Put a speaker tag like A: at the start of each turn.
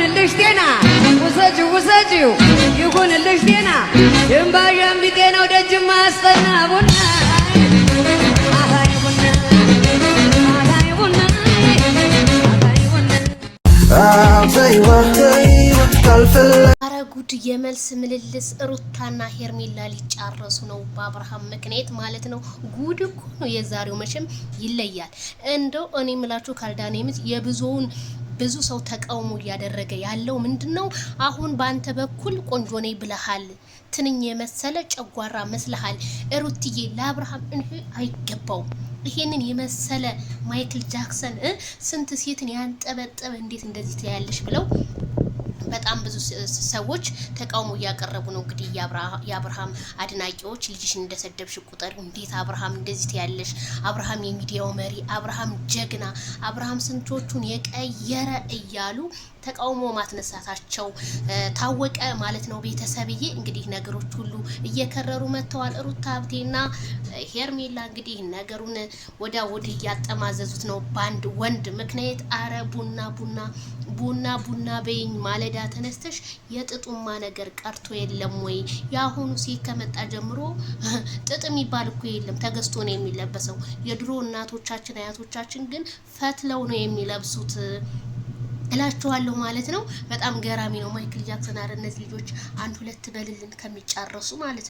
A: ይሁንልሽ ጤና ውሰጂው ውሰጂው ይሁንልሽ ጤና ድንባዣን ቢጤናው ደጅማ አስጠና ቡና
B: አረ
C: ጉድ! የመልስ ምልልስ ሩታና ሄርሜላ ሊጫረሱ ነው፣ በአብርሃም ምክንያት ማለት ነው። ጉድ እኮ ነው የዛሬው። መቼም ይለያል። እንደው እኔ ምላችሁ ካልዳኔምት የብዙውን ብዙ ሰው ተቃውሞ እያደረገ ያለው ምንድን ነው? አሁን በአንተ በኩል ቆንጆ ነኝ ብለሃል፣ ትንኝ የመሰለ ጨጓራ መስልሃል። እሩትዬ ለአብርሃም እንህ አይገባውም። ይሄንን የመሰለ ማይክል ጃክሰን ስንት ሴትን ያንጠበጠበ እንዴት እንደዚህ ትያለሽ ብለው በጣም ብዙ ሰዎች ተቃውሞ እያቀረቡ ነው። እንግዲህ የአብርሃም አድናቂዎች ልጅሽን እንደሰደብሽ ቁጥር እንዴት አብርሃም እንደዚህ ትያለሽ? አብርሃም የሚዲያው መሪ፣ አብርሃም ጀግና፣ አብርሃም ስንቶቹን የቀየረ እያሉ ተቃውሞ ማስነሳታቸው ታወቀ ማለት ነው። ቤተሰብዬ እንግዲህ ነገሮች ሁሉ እየከረሩ መጥተዋል። ሩታ ሀብቴና ሄርሜላ እንግዲህ ነገሩን ወዳ ወዲህ እያጠማዘዙት ነው በአንድ ወንድ ምክንያት። አረ ቡና ቡና ቡና ቡና በይኝ ማለዳ ተነስተሽ የጥጡማ ነገር ቀርቶ የለም ወይ? የአሁኑ ሴት ከመጣ ጀምሮ ጥጥ የሚባል እኮ የለም፣ ተገዝቶ ነው የሚለበሰው። የድሮ እናቶቻችን አያቶቻችን ግን ፈትለው ነው የሚለብሱት እላችኋለሁ ማለት ነው። በጣም ገራሚ ነው። ማይክል ጃክሰን አረ እነዚህ ልጆች አንድ ሁለት በልልን ከሚጫረሱ ማለት ነው።